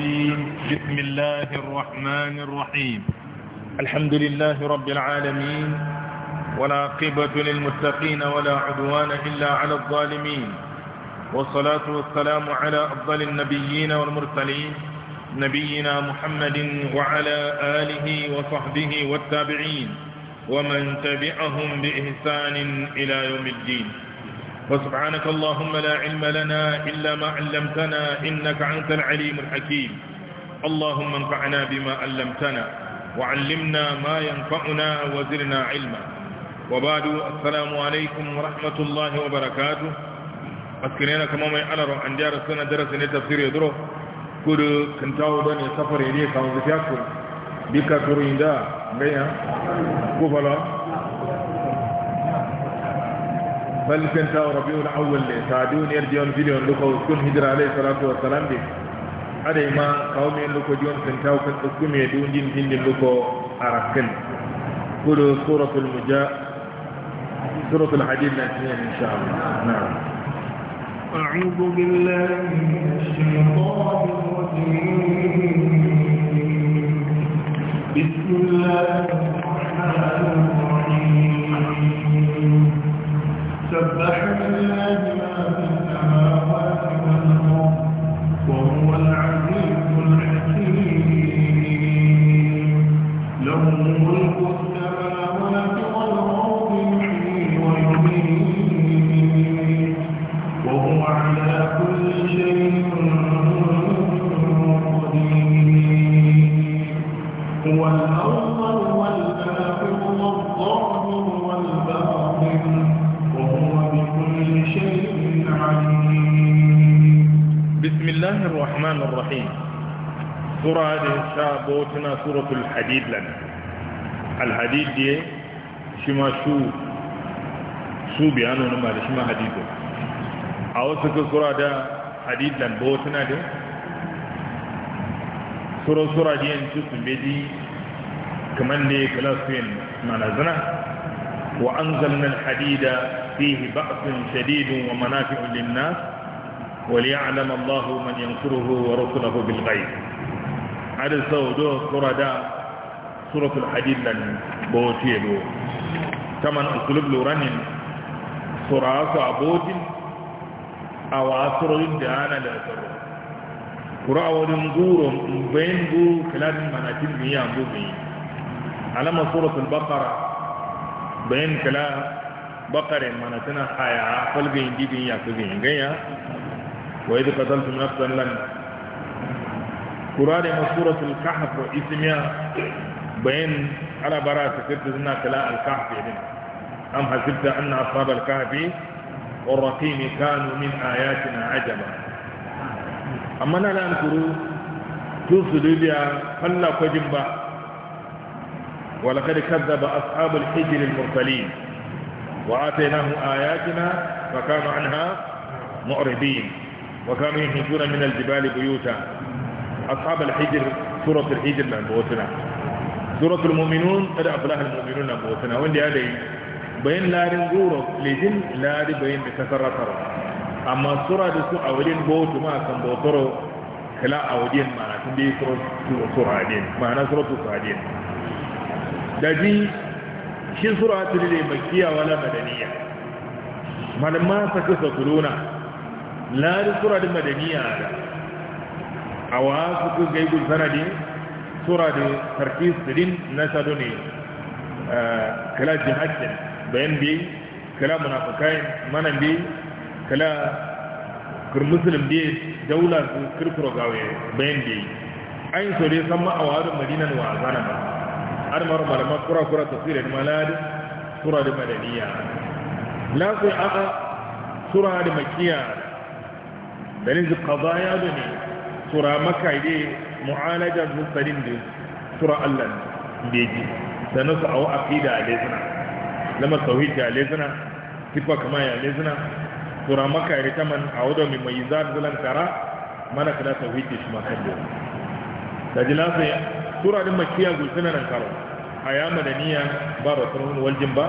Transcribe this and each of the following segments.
الرجيم بسم الله الرحمن الرحيم الحمد لله رب العالمين ولا قبة للمتقين ولا عدوان إلا على الظالمين والصلاة والسلام على أفضل النبيين والمرسلين نبينا محمد وعلى آله وصحبه والتابعين ومن تبعهم بإحسان إلى يوم الدين وسبحانك اللهم لا علم لنا إلا ما علمتنا إنك أنت العليم الحكيم اللهم انفعنا بما علمتنا وعلمنا ما ينفعنا وزرنا علما وبعد السلام عليكم ورحمة الله وبركاته أسكنين كما ما يعلروا عن جار السنة درس تفسير يدرو كل كنتاو دني سفر إليك وزفاكر بك ترين دا بيها كفلا بل كنت ربيع لي سادون يرجون فيديون لكو كن هجر عليه الصلاه والسلام دي ادي ما قومي لكو جون كنت او كنت كمي دون جين جين لكو اركن كل سورة المجاء سورة الحديد نأتيها إن شاء الله نعم أعوذ بالله من الشيطان الرجيم بسم الله الرحمن الرحيم سبح لله ما في السماوات سورة دي بوتنا سورة الحديد لنا الحديد دي شما شو شو بيانو نما دي شما حديد أو سك سورة دا حديد لنا بوتنا دي سورة سورة دي انتو سنبيدي كمان دي كلاسوين ما نزنا وأنزلنا الحديد فيه بأس شديد ومنافع للناس وليعلم الله من ينصره ورسله بالغيب ada saudo sura da suratul hadid nan bote do kaman usulub luranin sura su abotin a wasurorin da ana da tsaro kura a wani guro bayan guro kaladin manatin biya gobe alama suratul bakara bayan kala bakare manatina haya falgayin dibin ya fi ganyanya wa yi da fasaltun nafsan lana قرآن من سورة الكحف bayan بين على براءة kirta suna kala الكحف يعني أم am hasibta anna ashab والرقيم كانوا من آياتنا عجبا أما أنا لا أنكر توصل إليها فلا كجنبا ولقد كذب أصحاب الحجر المرسلين وآتيناه آياتنا فكانوا عنها معرضين وكانوا يحجون من الجبال بيوتا ashab al-hijr surat nan botuna surat al-mu'minun qad aflaha al-mu'minun nan botuna wanda ya dai bayan larin goro lejin lari bayan da tasarrafa amma sura da su a wajen botu ma kan botoro kala a wajen ma'ana tun dai sura din ma'ana sura su sadin da ji shi ta saka sakuluna lari madaniya awaafiku gaygu sanadi suradi tarkiisdin nasaduni kala jihadin bayan bi kala munafakai manan bi kala kir muslim bi daula su kirkiro gawe bayan bi ayin so dai san ma'awarin madinan wa azana ba har mara malama kura kura tafsirin malad sura da madaniya la sai a'a sura da makiya dalil qadaya da ne tura maka ne mu'alajar mustarin da tura Allah da ji sannan su awo aqida a lezina lama tauhid da lezina tipa kama ya lezina tura maka ya rita man a wadda mai mai zazulan tara mana kana tauhid da shi maka da da ji lasa ya tura din makiya gulsina nan karo a ya madaniya ba ba sun waljin ba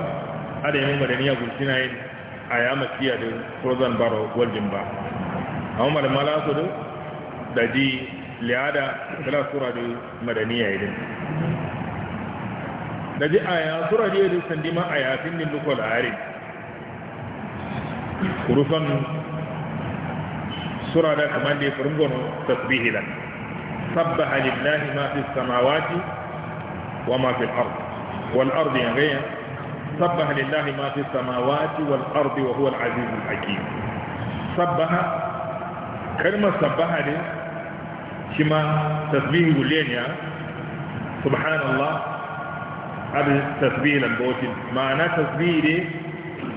a da yamin madaniya gulsina yin a ya makiya da turazan ba waljin ba a umar su da da ji liyada kala sura da madaniya idin da ji aya sura da yadda sandi ma aya fin din dukkan ari kurufan sura da kamar da furgono tasbihi lan sabbaha lillahi ma fi samawati wa ma fi al-ard wal ard yaghayya sabbaha lillahi ma fi samawati wal ard wa huwa al-aziz al-hakim sabbaha kalmar sabbaha ne كما تسبيه يقولين يا سبحان الله هذا تسبيه لنبوتين معنى تسبيه دي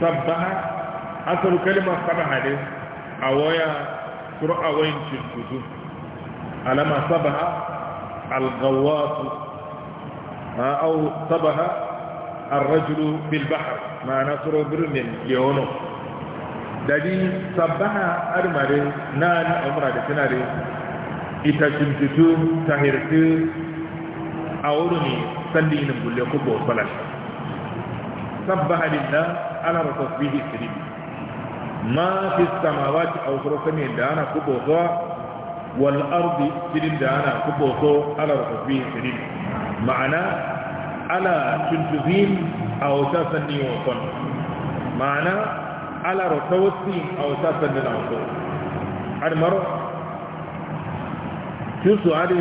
سبح أصل كلمة سبح دي أويا سرعة وين شركتو على ما سبح الغواص أو سبح الرجل بالبحر معنى سرعة برمين يونو دادي سبح أرمى نان أمرا دي ìtàṣìntìtù tàhìrìtì àwòrán ni sandi inú gbùlé kó bọ̀ sọ́lá sábà àdìdá alárọ̀tọ̀ sí ìsìrí ma fi samawa ti àwòrán sani dáná kó bọ̀ sọ́ wal ardi cikin da ana kuboto ala rufi cikin ma'ana ala tuntuzin a wata sanni wasan ma'ana ala rutawassi a wata sanni na wasan almaro sun su hadu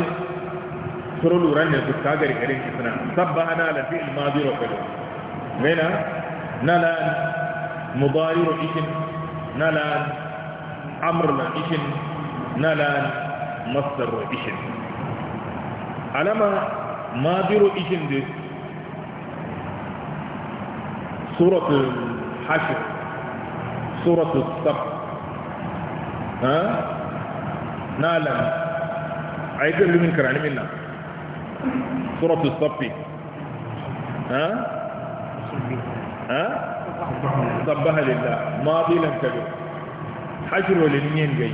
suru luran ne su kagar garin kisina sabba ana lafi ilmazi rokado mena nala mubari rokishin nala amur na ishin nala masar rokishin alama mazi rokishin da suratul hashir suratul sab ha nalan ay gelu منكر karani منا سورة safi ها ها صبها لله ماضي لم kabir حشر ولنين جاي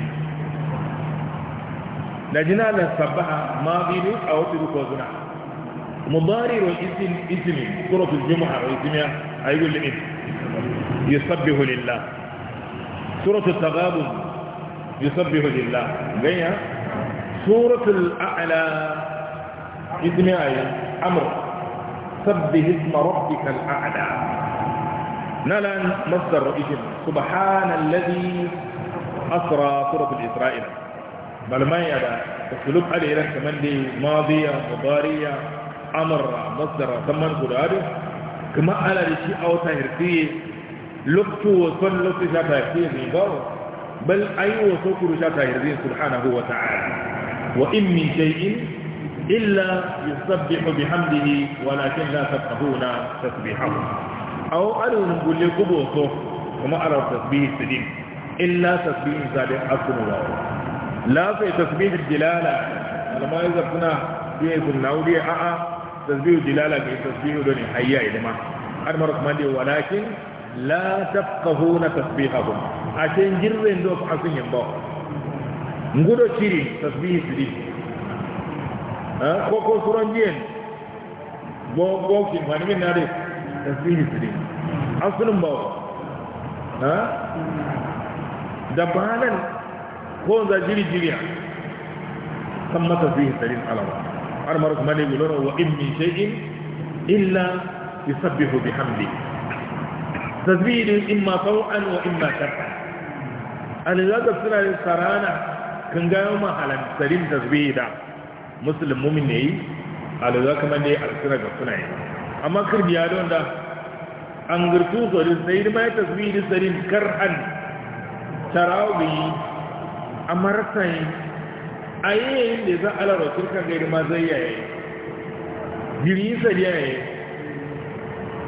لجنا لسبها ماضي او تبقى وزنا مضاري الاسم اسم سورة الجمعة واسمها أيقول لإيه يصبه لله سورة التغابن يصبه لله ها سورة الأعلى اسم آية أمر سبه اسم ربك الأعلى نلن مصدر اسم سبحان الذي أسرى سورة الإسرائيل بل ما يدى اسلوب عليه لك من دي ماضية وضارية أمر مصدر ثمان قدار كما على رشي أو تهرتي لقتو وصل لقتو شا تهرتي بل أي وصوك رشا تهرتي سبحانه وتعالى وإن من شيء إلا يسبح بحمده ولكن لا تفقهون تسبيحه أو أنا نقول لكم وصف وما أرى تسبيح السليم إلا تسبيح سابق أصل الله لا في تسبيح الدلالة أنا ما إذا كنا في النولي أعا تسبيح الدلالة في تسبيح دون حياء لما أنا ما ولكن لا تفقهون تسبيحهم عشان جرين دوك حسين ينبغ ngudo chiri tasbihi sidi sidiki ko ko suran jiyen bo bo ki mani min nade tasbihi sidi asunum ba ha da banan ko za jiri jiriya kan mata tasbihi sidiki alawa har mar kuma ne gulona wa in shay'in illa yusabbihu bihamdi tasbihi imma taw'an wa imma shakka ani zaga suna sarana kangayo ma halan sarin zube da muslim ne yi za kuma ne alsira ga suna yi amma kirbi ya don da an girtu da sai kar an sarin karhan tarawih amma yi yayin da za a lara turkan gairi ma zai yaye giri sari yaye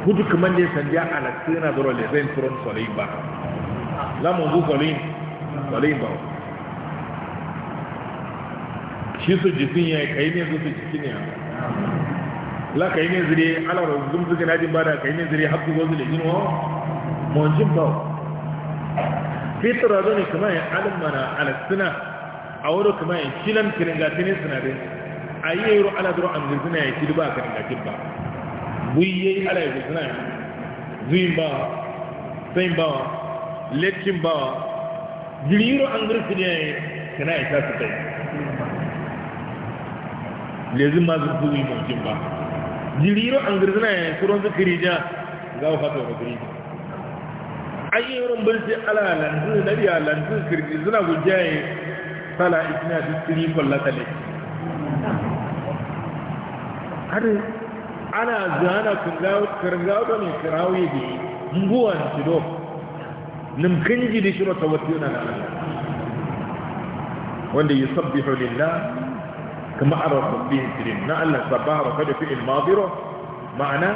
hudu kuma ne ya a alsira zuwa da zai furon solin ba za mu zu solin solin ba shi su jisin ya kai ne su su jiki ne la kai ne zire ala ro zum zuke najin bada kai ne zire hakku gozu le jinwa mon jin ba fitra zo ne kuma ya alim mana ala suna a wuri kuma ya kilan kiringa tini sinadin a yi yaro ala duro an zirgina ya kiri ba kiringa kin ba buyi ala ya zirgina ya zuyin ba sayin ba lekkin ba jiriro an zirgina ya kina ya tasu kai lazima zuhuri mujin ba jiriro an girzina ya kuron zikiri ja za ku fata wa gari ayyuran bin sai ala lanzu na biya lanzu kirki zina gujaye sala isna dukkan kwallata tale har ana zana kargawa ne kirawo ya biyi nguwa na shido nimkin ji da shiro ta wata yana wanda yi lillah معرف به السلم نعلا صباح رفض في الماضرة معنى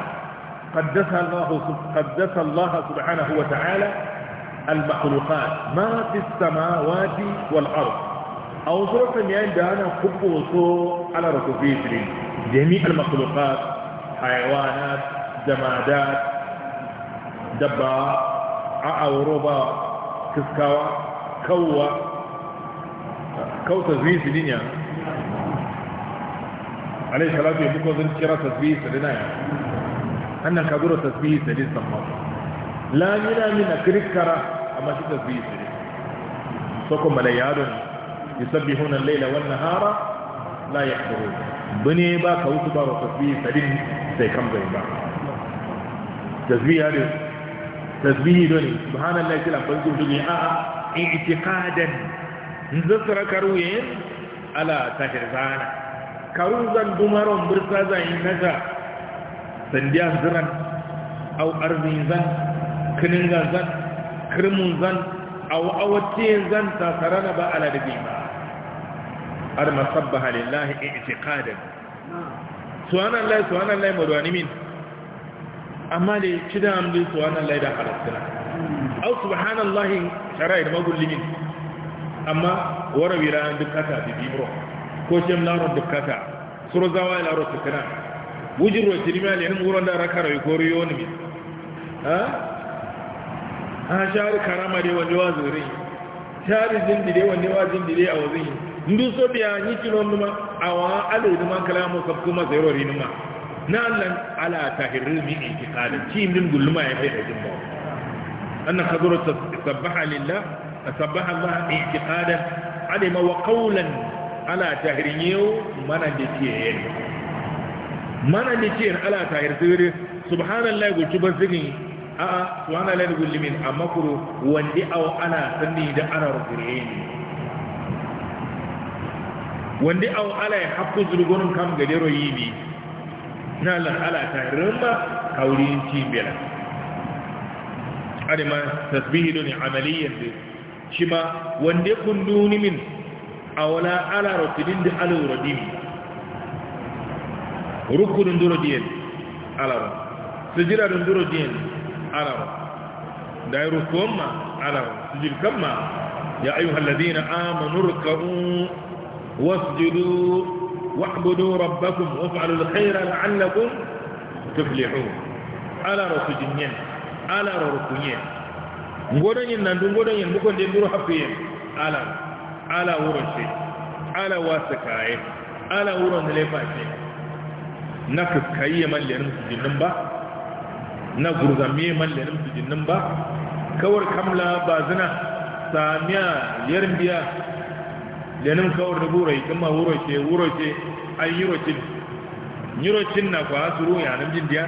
قدس الله, قدس الله سبحانه وتعالى المخلوقات ما في السماوات والأرض أو صورة يان دانا كبوسو على ركوبي سلم جميع المخلوقات حيوانات جمادات دبا أعوربا كسكاوة كوة كوة تزوين سلين دينيا عليه الصلاة والسلام يقول كرا تسبيه سلنا أن كبر تسبيه سلنا الله لا منا من أكرك كرا أما شو تسبيه سلنا سوكم مليار يسبحون الليل والنهار لا يحضرون بني با كوتبا وتسبيه سلنا سيكم زي تسبيه هذا تسبيه دوني سبحان الله سلام فنزو جميعا اعتقادا نزسر كروين على تهرزانا zan dumaron birsa yi naga sandiya ziran au zan kinin zan kirmun zan au awace zan tasara na ba ala da bima har suwanan lillahi i'tiqadan subhanallahi subhanallahi madwanimin amma da ci da amdi subhanallahi da halattuna au subhanallahi shara'i da magullimin amma warawira duk kasa bi bibro ko cem laron dukkata suro zawa ila ro tukana wujiro tirima le nan wuron da raka ro ko riyo ne ha ha shari karama de wani wazuri shari jindi de wani wajin de a wazin ndu so biya ni kino numa awa ale numa kalamu kab kuma zero ri numa na allan ala tahirri min intiqalin ci min gulluma ya bai ajin ba anna khadru tasabbaha lillah tasabbaha allah intiqadan alima wa qawlan ala tahirin yau mana da tiye mana da tiye ala tahir sirri subhanallah gulci ban sigin a a subhanallah gulli min amma kuru wanda au ana sanni da ana rukure ne wanda au ala ya hakku zurgunin kam gade yi ne na lan ala tahirin ba kaurin cibiyar adama tasbihi don amaliyyar da shi ma wanda kunduni min awala ala rotinin da ala urodimi rukunin duro diyen ala ro sujira dun duro diyen ala ro da yi rukuwan ma ala ro sujir kan ma ya ayyuhal ladina amanu rukabu wasjudu wa'budu rabbakum waf'alul khaira la'allakum tuflihun ala ro sujinyen ala ro rukunyen ngodon yin nan dun ngodon yin bukon den duro hafiyen ala ro ala wurance ala wasu kaye ala wuran laifa ce na kakkayi mallarin su jinnin ba na gurzame mallarin su jinnin ba kawar kamla ba zina samiya yarin biya lenin kawar da burai kuma wurace wurace an yi rocin yi rocin na kwa su ya nan jin diya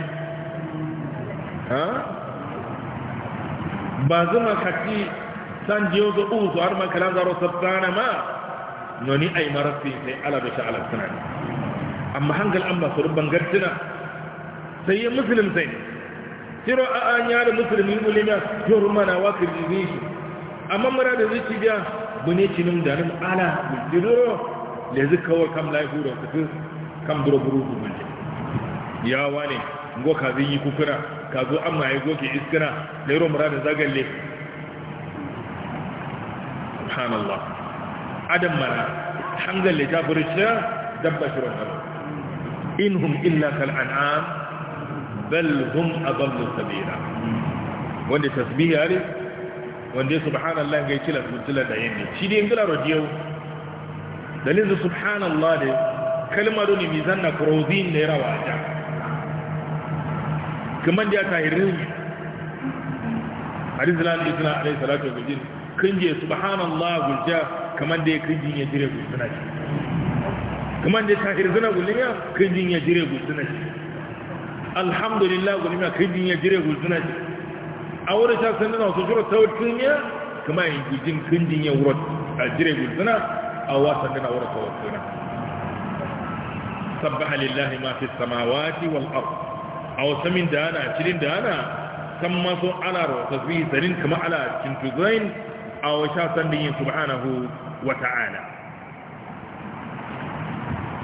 ba zuma kaki san jiozo uso har man kalan zaro sabana ma noni ay marasi sai ala bi sha'ala sunan amma hangal amma su surban gartina sai ya muslim sai tiro a an ya da muslimi ulima yoruma na wa kirji amma mara da zai cibiya bune cinin da nan ala bidiro le zikawa kam lai huro su kam duro buru mun ya wane ngo ka zai yi kukura ka zo amma ya goke iskira da yaro da zagalle subhanallah adam mana hangal le jaburta dabba shirin inhum illa kal an'am bal hum adallu sabila wanda tasbihi ne wanda subhanallah ga kila mutula da yin shi dai ngara rodiyo dalil subhanallah da kalmar ne mizan na kurozin ne rawa ta kaman da ta hirin hadis lan islam alayhi salatu wa sallam krinje subhanallah gulja kaman da ya krinjin ya jire gulsuna shi kamar da ta hirzuna gulmiya krinjin ya jire gulsuna shi alhamdulillah gulmiya krinjin ya jire gulsuna shi a wurin sha sannan wasu shura sautin ya kamar yin gijin krinjin ya wuro a jire gulsuna a wasan dana wuro sautin sabbaha lillahi ma fi samawati wal ard aw samin da ana cirin da ana san maso ala ro tasbihi sarin kama ala cin tuzain awo sha sandin subhanahu wa ta'ala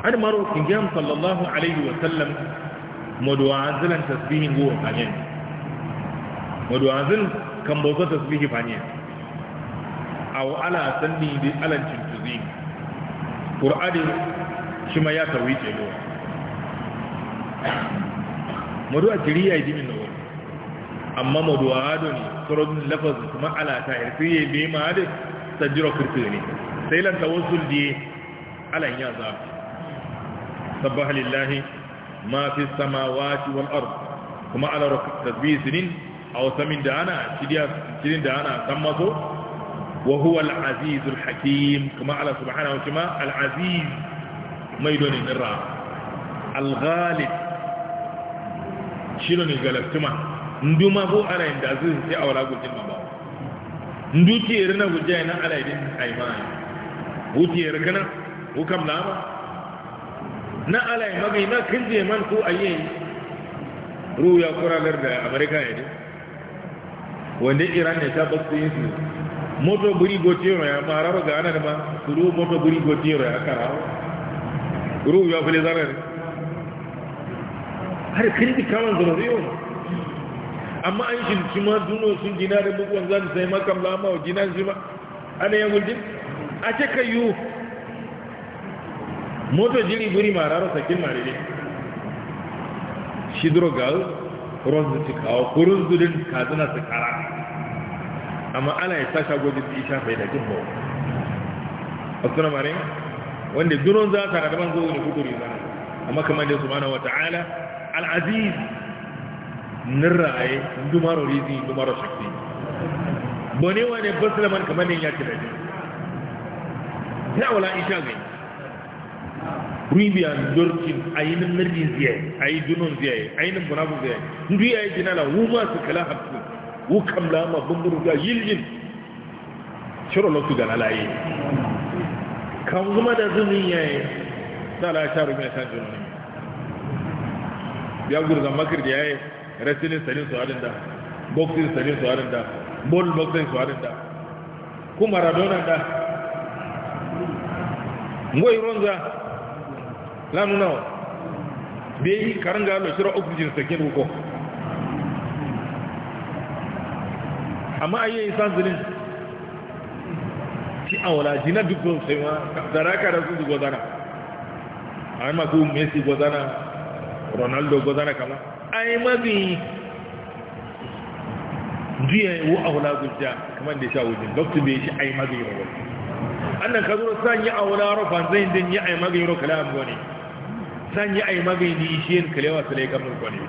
an maro kingiyam sallallahu alaihi wa sallam modowa zilan tasbihin go fanyen modowa zil kan bozo tasbihi fanyen awo ala sandin di alan cintuzi qur'ani shi ma ya tawice go modowa tiriya yi dimin no amma mawdu'a adoni kurun lafaz kuma ala ta irfiye bi ma ade sajiro kirtini sai lan tawassul di ala ya za sabaha lillahi ma fi samawati wal ard kuma ala ruk tasbih sinin aw samin da ana cidiya cirin da ana san maso wa huwa al aziz hakim kuma ala subhanahu wa ta'ala al aziz mai donin irra al ghalib shi ne galactuma ndu ma bu ala inda zu ti awra gujin ma ba ndu ti irna gujai na ala idin aimai uti irkana kam lama na ala magai na je man ku ya kura kuralar da america ne wanda iran ne ta basu yin su moto buri ro ya mararo ga anan ma ru moto buri ro ya kararo ya fili zarar har kindi kaman zuriyo amma an shin ma duno sun jina da bukwan zan sai makam lama wa jina shi a ana yan guldin a ce ka yiwu moto jiri buri mararo sakin marire shi drogal ronzu ci kawo kurun zudin kazina su kara amma ala ya sasha gwajin isha fai da jimbo a suna mare wanda dunon za ta radaban zo ne kuduri zana amma kamar da su wa ta'ala al-aziz nirraye dumaro rizi dumaro shakti bone wane basulaman kamar ne ya ci daji ya wala isha gai rubiyan dorkin ainihin nirrin ziyaye ayi dunon ziyaye ainihin bunabun zai, ndu ya yi jinala wuma su kala hapsu wukam lama bumburu ga yiljin shirin lokacin ga lalaye kan zuma da zumin yayi sa la sha rumi ya sha jirgin ya gurgan makar da yayi wrestling salin su harin da boxing salin su harin da ball boxing su harin da ku maradona da ngoy ronza lanu nawa? Bai yi karanga lo shiro oxygen sakin ruko amma ayi san zilin ci awla jina dukko sai ma daraka da su gozana amma ku messi gozana ronaldo gozana kama ai mabi jiya wu aula gujja kaman da sha wujin doctor bai shi ai mabi ro annan ka zo san yi aula ro ban zai din yi ai mabi ro kalam gone san yi ai mabi ni shi yin kalewa sai kamar mun gone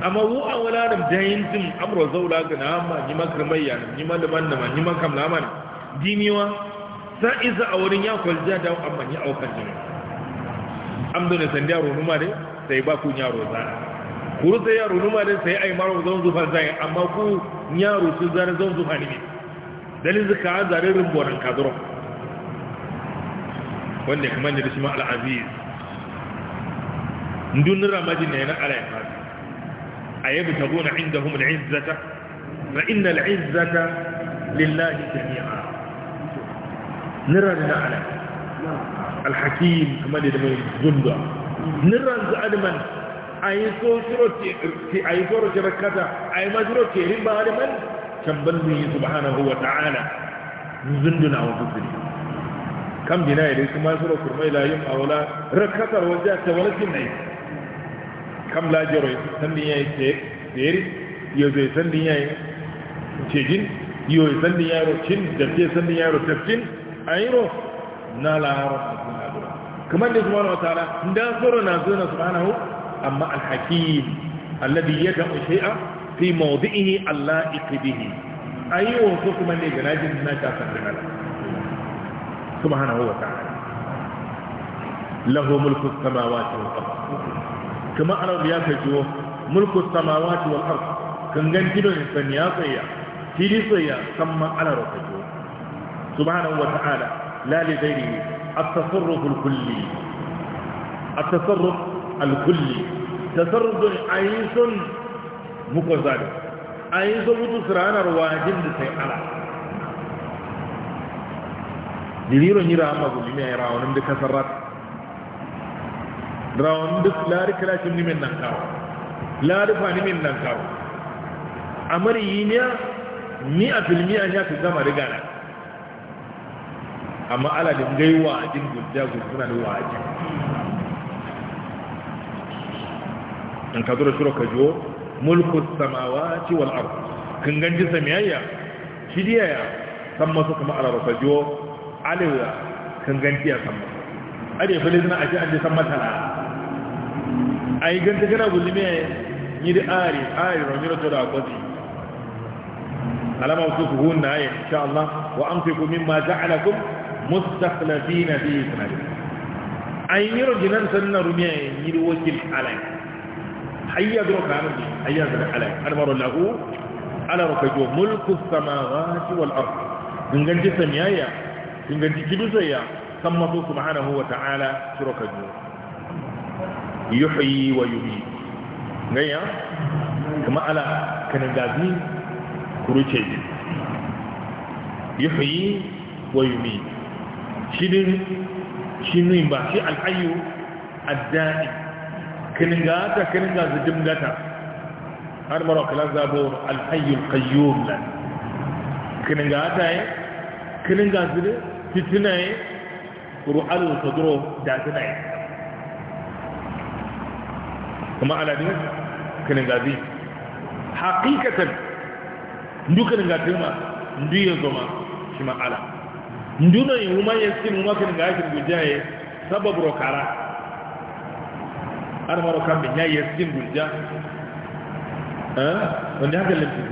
amma wa aula da jayin din amro zaula ga na ma ni ya ni malaman na ma ni makam na ma diniwa sa iza aurin ya kwalja da amma ni aukan jini am ne san da ronu ma dai sai ba ku yaro zana kuru sai ya numa da sai ai maro zan zufa zai amma ku ya sun zare zan zufa ne dalin zuka an zare rumboran kaduro wanda kuma ne da shi ma al-aziz ndun ramadi ne na ala ya ayabtaguna indahum al-izzata fa inna al-izzata lillahi jami'a nira da ala al-hakim kuma da mai zunda nira da adaman ay so suro ti ay soro ti rakata ay majuro ti riba da man kan banni subhanahu wa ta'ala zunduna wa zunduni kam bina ya kuma suro kurmai la yum awla rakatar wajja ta walakin nai kam la jiro san din yayi te teri yo zai san din yayi cejin yo san din yaro cin da ke san din yaro tafcin ayro na la haro kamar da subhanahu wa ta'ala da suro na zuna subhanahu أما الحكيم الذي يدعو شيئا في موضعه اللائق به أي أيوه وصف من ما الناس أسلم سبحانه وتعالى له ملك السماوات والأرض كما أنا يا فجوه ملك السماوات والأرض كان جنجل إنسان يا صيا تيري صيا على رفجوه سبحانه وتعالى لا لغيره التصرف الكلي التصرف alkulli tasarrufin ayyusun muka zaɗi ayyusun mutu ranar wajin da sai ala diliron yi rahama gulmi a yi rawanin da kasar rat rawanin da lari kirashin nimin nan kawo lari fa nimin nan kawo a mari yi niya ni a filmiya ya fi zama rigana amma ala din gaiwa a jin gujja gujjuna wajin in ka zura shiro ka jo mulku samawati wal ard kin ganji samiyayya shidiyaya san masu kuma ala rafa jo alewa kin ganji ya san masu ade fa lizna aje an san mata A ai ganta kana gulme ni da ari ari ro to da kwazi alama su na ya insha Allah wa anfiqu mimma ja'alakum mustakhlifina fi sanad ai yiro rojinan sanna rumiya yiro wakil alai hayya zuwa kamun ne hayya zuwa alayi almarun lahu ala rukajo mulku samawati wal ard inganci samiyayya inganci kibisayya kan maso subhanahu wa ta'ala shurakajo yuhyi wa yuhyi ganya kuma ala kanin gazi kuruce yuhyi wa yuhyi shi ne shi ne ba shi alhayu addai kilingata kininga su dimgata har mara kilan zabo alhayyul qayyum lan kilingata yi kininga su fitina yi ru'alu sadro da tuna yi kuma aladin kininga zai haƙiƙatan ndu kininga duk ndu yezoma shi ma'ala nduno yi huma ya sin kininga kilinga gujaye sababu rokara ana maro kambe nyai yeskin gulja eh wanda haka lamfi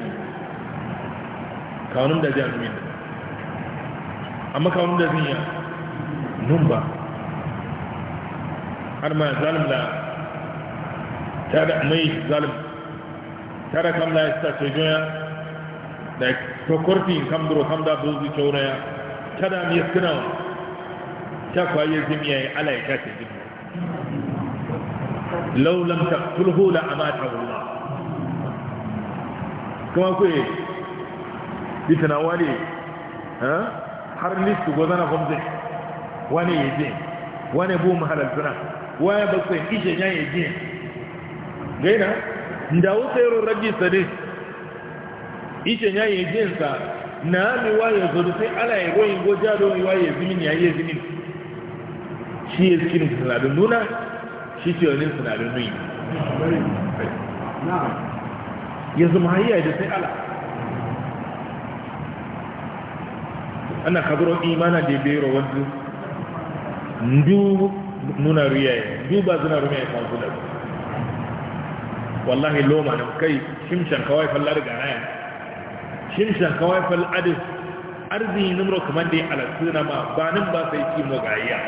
kawunum da jami'in amma kawunum da zinya nun ba har ma zalim la tada mai zalim tada kam la sta cejoya da to korti kam duro kam da buzi choraya tada mi yaskina ta kwaye zimiya لو لم تقتله la amatahu Allah kuma ku bitana wale حر har list gozana واني wane واني wane bu mahalal واني waye ba جاي يدين ya ndawo sayro raji sadi ije nya yaje sa na mi waye zodu sai ala ya goyin gojado waye zimin ya zimin shi da nuna shi ce wani sinadarin nuyi yanzu mahayya da sai ala ana kagurar imana da bero wadda ndu nuna riyaye duba zuna rumiya kan kula wallahi loma na kai shimshan kawai fallar ganaya shimshan kawai fallar adis arzini numro kamar da ya alasuna ma ba nan ba sai kimo gayya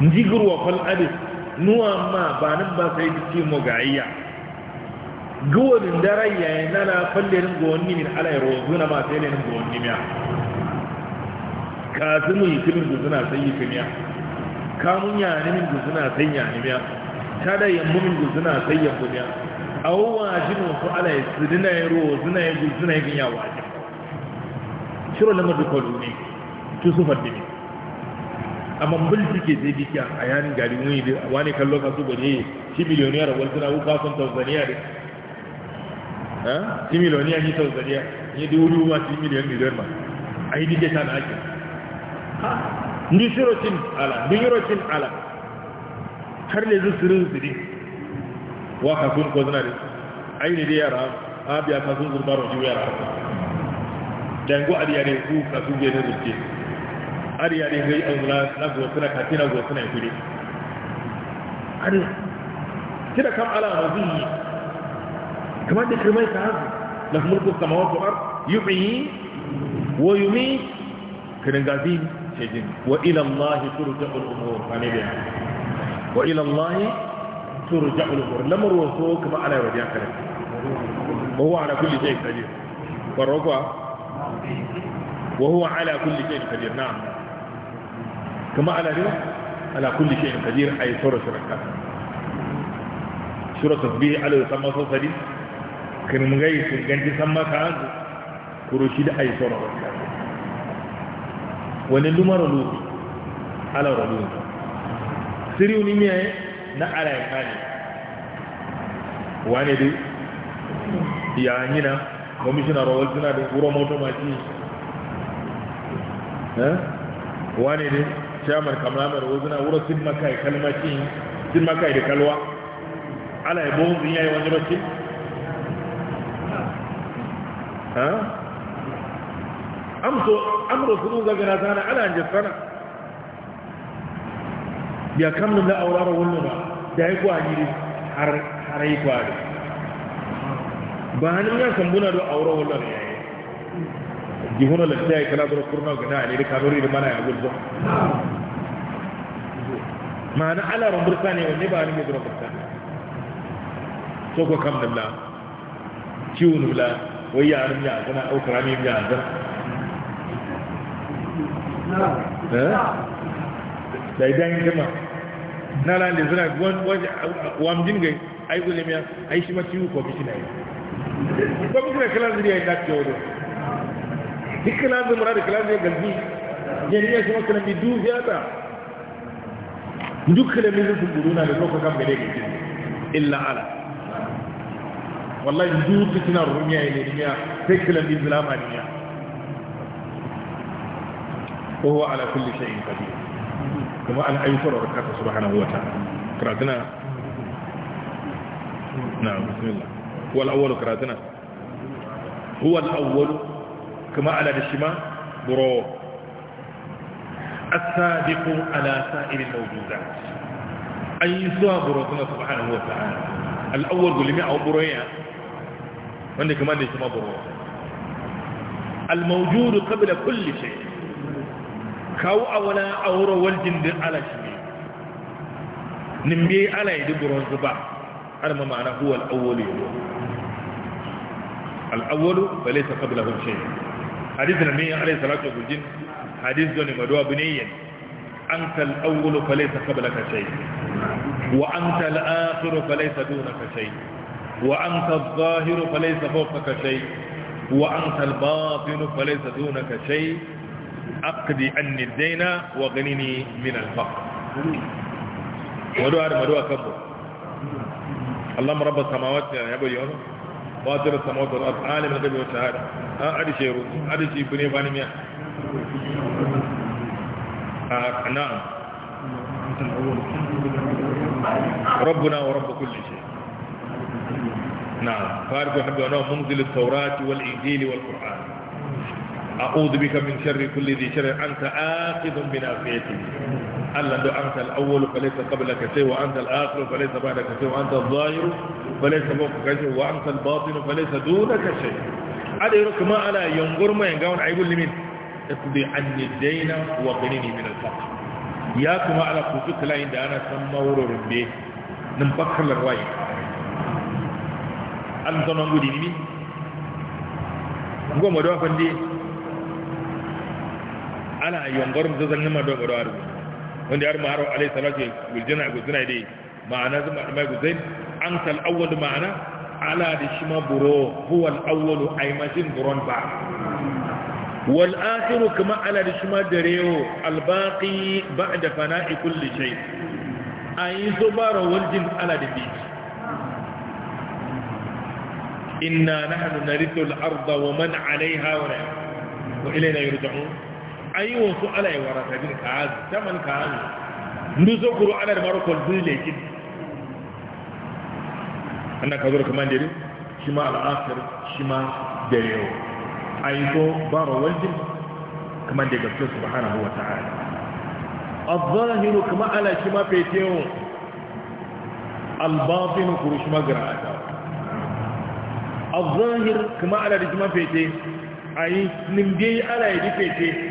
njigir wa fal abis nuwa ma ba nan ba sai da ce magayya gwanin daren yayin nana fallerin gwanin min alayi rozuna ba sai lenin gwanin miya kasu mu yi filin guzuna sai yi fimiya kamun yanin min suna sai yanin miya tada yambu min suna sai yambu miya a wajin wasu alayi su dina ya rozuna ya guzuna ya ganya wajin shiro lamar dukkan ne tusufar dini amma amambultike zai biki a yanin garin wani da wani kallo ka su gwaje shi miliyoniyar wasu na wuka sun tanzania da ha shi miliyoniyar ni tanzania ni da wuri ma shi miliyon miliyon ma a yi dike ta na ake ni sirocin ala ni yurocin ala har ne zu sirin sirin wa kafin ko zina da ai ne da yara abiya kafin zurbarwa jiwu yara dangu a da yare ku kafin gene zurke ari ya ne gai aula na gosu na kati na gosu na ikuri ari kida kam ala mazi kamar da kirmai ka hazu na mulku samawatu ar yubi wa yumi kirin gazi shejin wa ila Allah turja'ul umur ane da wa ila Allah turja'ul umur lamar wasu kuma ana rabiya kare wa huwa ala kulli shay'in qadir wa وهو على كل شيء قدير نعم kama ala ne ala kulli shay'in qadir ay sura shirka sura tasbih ala yusamma sawsari kin mungai sun ganti samma ka an kurushi da ay sura shirka wani lumar lu ala rabu siriu ni miye na ala ya kani wani dai ya nyina commissioner rawal tana da kuro moto maki eh wani dai kiyamar kamar wuzuna wuro sin makai kalmacin sin makai da kalwa ala ya bohun zin yayi wani rokin ha amso amro sunu zaga na sana ala an sana ya kamnu la awrara wannan ba da yi kwa jiri har har yi kwa ba hannun ya sambuna da auren wannan yayi gi la tay kala do kurno ga na ni kanuri do mana ya gurzo mana ala ron burtani wonni ba ni do burtani to ko kam dalla ciwunu wai ya an ya kana au karami ya Na eh? da idan kuma na ran da waje wa wam jingai ai gulemiya ai shi ma ciwu ko kishi ai ko kishi kala zuriya da ciwo hikkila da mura da galbi jami'a shi makana bi du fiyata duk da mizu sun da lokacin kan illa ala wallahi duk suna rumiya ne rumiya sai kila niya ko huwa ala kulli shay'in qadir kuma an ayyukan rabbaka subhanahu wa ta'ala karatuna na bismillah wal awwal karatuna huwa al كما على الشماء برو السابق على سائر الموجودات أي سوى الله سبحانه وتعالى الأول قل أو بروية وانا كمان الشماء برو الموجود قبل كل شيء كاو أولا أورو والجند على شميل نمبي على يد برو الزباح على ما معنى هو الأول يوم الأول فليس قبله شيء hadith na min alayhi salatu wa gurjin hadith zoni maduwa bunayyan anta al-awwal fa laysa qablaka wa anta al-akhir fa laysa dunaka wa anta adh-dhahir fa laysa wa anta al-batin wa min maduwa اللهم رب السماوات يا ابو يونس فاطر السماوات والارض عالم الغيب والشهاده آه، ادي شيء ادي شيء بني بني ميا آه، نعم ربنا ورب كل شيء نعم فارق الحمد لله منزل التوراة والإنجيل والقرآن أعوذ بك من شر كل ذي شر أنت آخذ بنافيته Allah da anta al-awwal fa laysa qablaka shay wa anta al-akhir fa laysa ba'daka shay wa anta adh-dhahir fa laysa fawqaka shay wa anta al-batin fa laysa dunaka shay adai kuma ana yangur mai gawon aibul limin tasbi anni dayna wa qinini min al ya kuma ala kutu layin da ana san mawrurin be nan bakkalar wayi an zama gudi ni goma da wafan dai ana yangar mu zazzanin ma dogaro a rubutu wanda ya ma'aro alayhi salatu guljana guzina dai ma'ana zuma mai guzain an kal awwal ma'ana ala da shi buro huwa al awwal ay majin buron ba wal akhir kuma ala da shi ma darewo al baqi ba'da fana'i kulli shay ayi so baro waljin ala da bi inna nahnu narithu al arda wa man 'alayha wa ilayna yurja'un ayyuwan su ala yi warata bin kazi saman kazi nuzo kuro ana da marakon dole ki ana ka da kamar dare shi ma al'asar shi ma da yau a yi ko ba ma wajen kamar da gaske su ba hana wata hali a zara kuma ala shi ma fete yau albafin kuro shi ma gara ta a zara hiru kamar ala da shi ma fete a yi ninge ala yi fete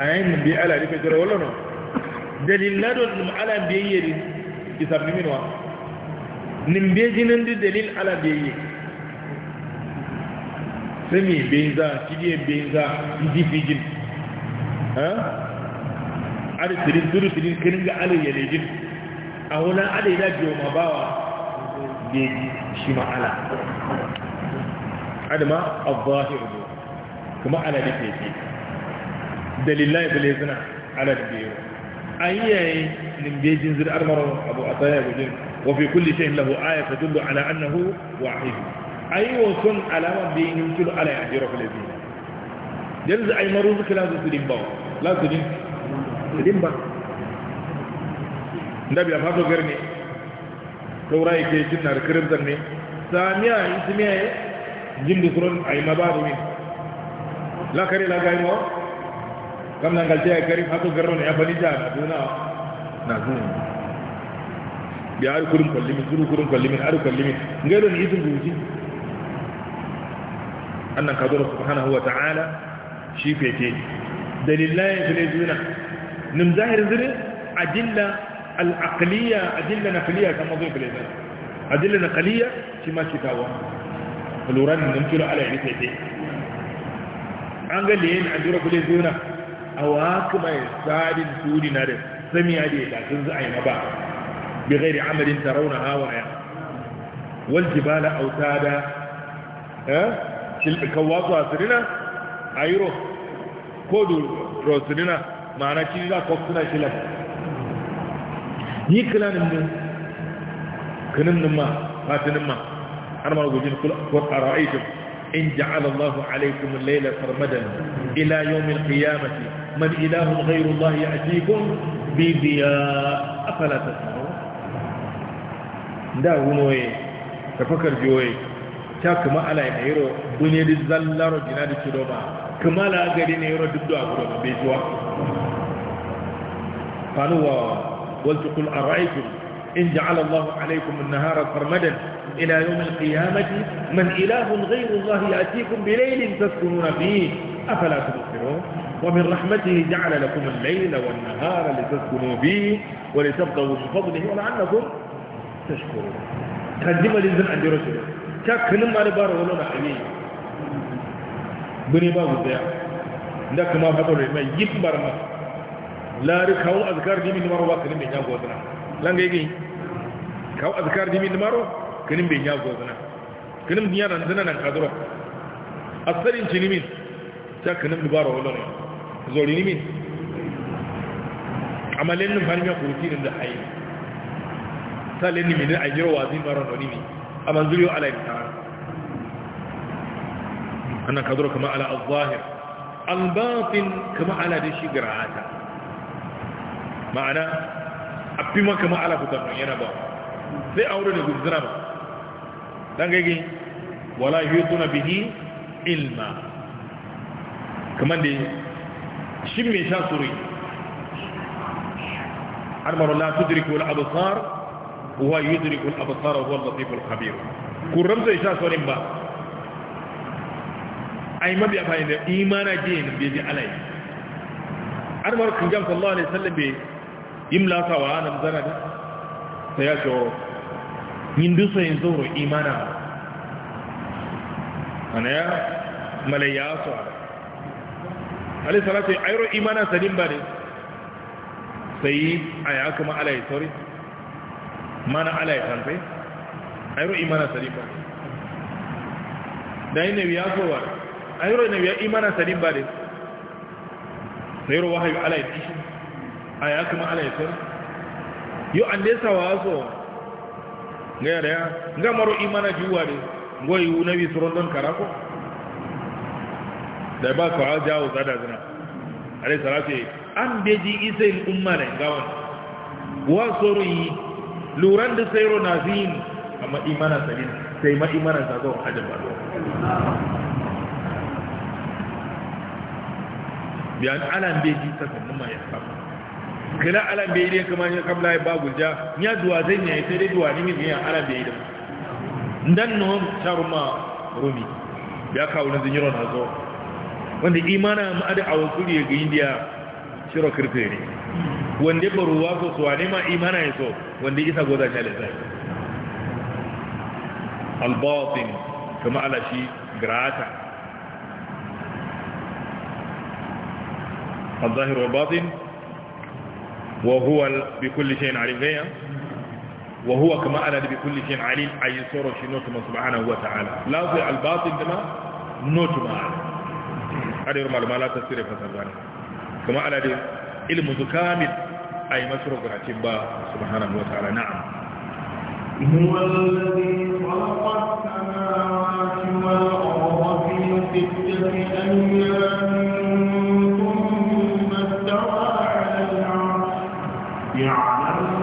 ayayim bi ala ri fejoro wala no dalil la do dum ala bi yeri isab ni minwa nim be jinandi dalil ala bi yeri semi benza kidi benza idi fijin ha ari tiri duru tiri kirin ga ala yele jin a wala ala ila biyo ma bawa bi shi ma ala adama al-zahir kuma ala da Dalilai bile suna ala da biyu an yayi limbejin zir armaron abu a tsaya gudun wafi kulli shayin lahu aya ta dullu ala annahu wahid yi wa sun alaman yin yumkinu ala ya jira kula biyu yanzu yi maru suka lasu su dimba la su din dimba da biya fato garne saura yake jin na rikirin zanne samiya yi jin da suron ai mabadu min la kare la gaimo kam nan galti ay karim hato garron ya bani ja na duna na duna bi ar kurum kallimin zuru kurum kallimin ar kallimin ngero ni izin buji annan kadoro subhanahu wa ta'ala shi fete dalilai ne duna nim zahirin zuri adilla al-aqliya adilla naqliya kama zai fil adilla naqliya shi ma kitawa luran nim kilo ala yi fete an ga liyin adura kullu zuna awaqib sadin tudina da samiya da da kun za a yi maba bi ghairi amalin tarawna hawaya wal jibala awtada eh tilka kawatu asrina ayro ko du rosrina ma'ana kin za ko suna kila ni kilanin mun kinin ma fatinin ma har ma gujin kul ara'aytum in ja'ala Allahu alaykum al-layla sarmadan ila yawm al-qiyamati من إله غير الله يأتيكم بذياء أفلا تسمعوا ده هو تفكر جوي تاك ما على نيرو بني رزلا رجنا دكتوبا كما لا غيري نيرو دبدو أبرو بيجوا قالوا قلت قل أرأيتم إن جعل الله عليكم النهار فرمدا إلى يوم القيامة من إله غير الله يأتيكم بليل تسكنون فيه أفلا تبصرون ومن رحمته جعل لكم الليل والنهار لتسكنوا فيه ولتبقوا من فضله ولعلكم تشكرون تقدم لزم عند رسول ككلم على نبار ولا حبيب بني باب ده عندك ما فطر ما يكبر ما لا ركاو اذكار دي من مروا كلمه بين جاكو زنا لان جاي كاو اذكار دي من مروا كلمه بين جاكو زنا كلمه ديانا زنا نان قدره اصلين جنمين تكلم بار ولا zollimin amalin numfani mai kurutirin da haini salin niminin a jiro wazi marar zolimi a manzuriyo ala yi tara annan ka zura kama ala al-zahir al-batin kama ala da shi gara'ata ma'ana a fi ala ma'ala fitar yana ba sai a wurin da guzura ba don gaggi wala yi bihi ilma kamar da شمي شاسوري عمر لا تدرك الأبصار هو يدرك الأبصار وهو اللطيف الخبير كل رمز شاسوري با أي ما بيقى إن إيمان جين بيجي علي عمر كنجام صلى الله عليه وسلم بي إملا سواء نمزانا سياشور من دوسو ينزور إيمانا أنا ملياسو عليك alaihi salatu ayro imana sadin bare sai aya kuma alai sori mana alai tantai ayro imana sadin bare dai ne biya ko war ayro ne biya imana sadin bare sai ro wahayu alai tishi aya kuma alai sori yo ande sawazo ya ngamaro imana juwa de ngoyi unabi soron don karako da ba ka jawo zada zina alai sarafe an Isa isai umma da gawan wa soro yi luran da sai na zin amma imana sabin sai ma imana ta zo hajjar ba biyan alan ji ta sannu ma ya samu kila alan beji ne kamar ya kamla ya ba gulja ya duwa zai ne sai dai duwa ne mai yan alan beji da dan nuhun sharma rumi ya kawo na zo. wanda imana ma da awasuri ga indiya shiro kirfere wanda baruwa ko su wane ma imana ya so wanda isa goza shi alisai albatin kama ala shi grata الظاهر والباطن وهو بكل شيء عليم غير وهو كما أنا بكل شيء عليم أي صورة شيء نوتما سبحانه ta'ala. لا في الباطن كما نوتما adayar malama la tasiri fasarwa ne kuma ala dai ilmu su kamil a yi masu rukuracin ba subhanahu wa ta'ala na'am هو الذي خلق السماوات والأرض في ستة أيام ثم استوى على العرش يعلم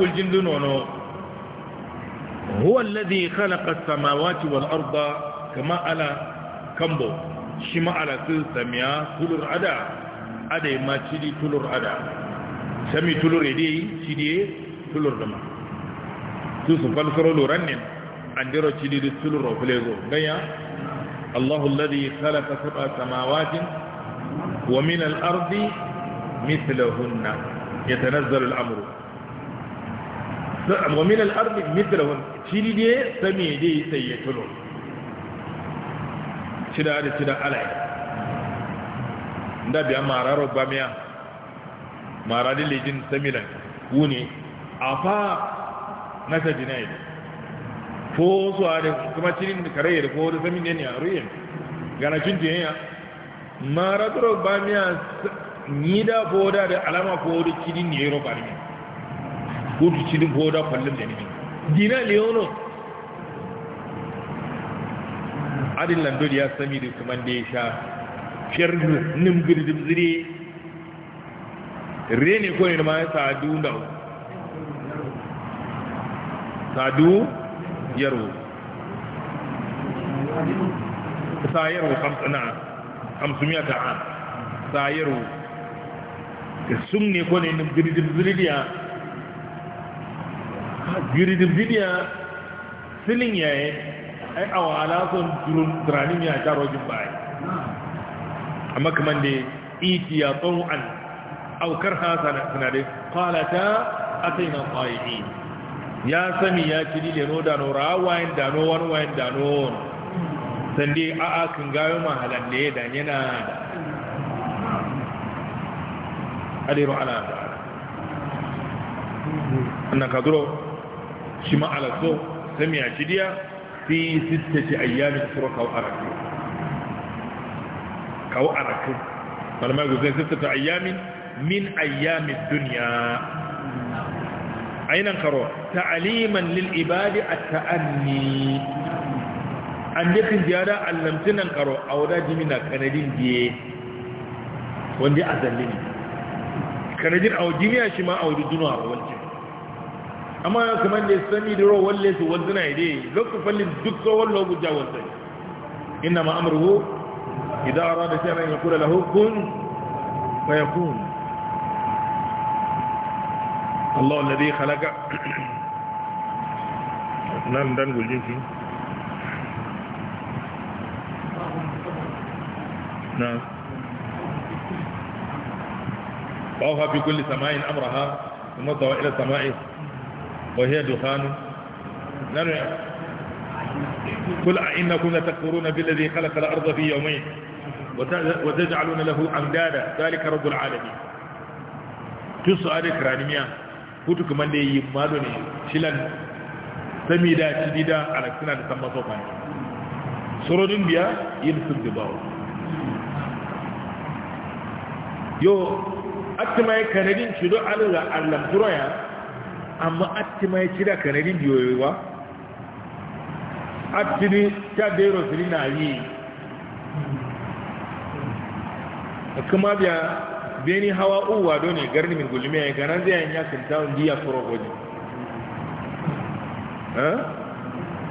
agul jindu nono huwa alladhi khalaqa as-samawati wal arda kama ala kambo shi ma ala su samiya tulur ada ada ma cidi tulur ada sami tulur ede cidi tulur dama su su falsaro loran ne cidi الله الذي خلق سبع سماوات ومن الأرض مثلهن يتنزل الأمر wa min al-ardi mithlahun sami dai sai ya tulo shida da shida alai da biya mara robba miya mara da lejin samilan wuni afa na ta jinai fo su a kuma cirin da kare da fo sami ne a ruyin gana cin jiya mara robba miya ni da alama fo da cirin ne robba miya da kwallon da jẹ́nìmí Dina leono adin landori ya sami da kuma da ya sha shirnu nim girdim zire rene ko ne ma ya sadu da sadu yaro sayarwa yaro kamsana kamsumiya ta'a sayarwa yaro sun ne ko ne nim girdim zire ya giridin biniya silin yaye ai a wahala sun turun ya ta rojin baya amma kamar da iti ya tsoron an aukar na sinadai kwalata a sai na kwayi ya sami ya ci ni no dano rawayen dano wani wayan dano wani sande a a kan gayo mahalan da ya dan yana adiru ala da ana kaduro shi ma ala so samiya shidiya fi sittati ayyamin sura kaw araki kaw araki malama go zai ta ayyamin min ayyamin dunya ainan karo ta'aliman lil ibadi at-ta'anni an yakin ziyara allamtinan karo a wadaji mina kanadin biye wanda azalli ne kanadin a wajimiya shi ma a wadi dunuwa a wajen amma kamar da sami da rowar lesu wanzuna ya dai lokacin fallin duk tsawon lokacin jawon sai inna ma'amurhu idan ara da shirin ya kula da hukun fa ya kun Allah wanda zai halaka nan dan gujin shi na ba fi kulli sama'in amraha kuma zawa ila sama'in وهي دخان نرى قل أئنكم لتكفرون بالذي خلق الأرض في يومين وتجعلون له أمدادا ذلك رب العالمين تسعى ذكرانيا kutu kuma da yi malo ne shilan sami da cidida a laksina da samman sofani surodin biya yin sun dubawa yo aktima ya amma mai kira kanari biyoyewa ni ta dero siri na yi kuma biya beni hawa uwa don ne garni mai gulmi ya gana zai yan ya kinta wani ya furo goji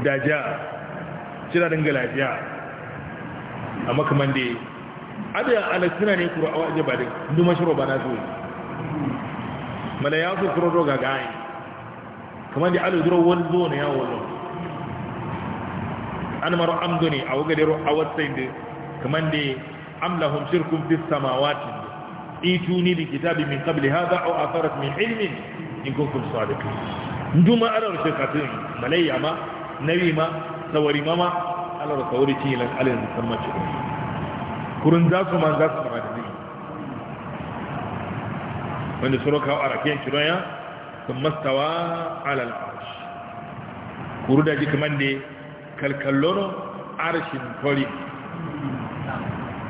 da ja cira dinga lafiya a makaman da adaya alasina ne kuro a wajen ba duk mashiro ba na zuwa mala kuro su ga gayin kamar da alu duro wani zo ne ya wallo an maro amdo ne a wagadero a wata inda kamar da amlahum shirkun fi samawati ituni da kitabi min kabili qabli hadha a atharat min ilimin, in kuntum sadiqin nduma arar shirkatin malayya ma nabi ma sawari ma ma alar sawari ci lan alin sammaci kurun za su ma za su fara da ni wanda suroka a rakiyan ya? sun mastawa alal arshi kuru da jika mande kalkallono arshin tori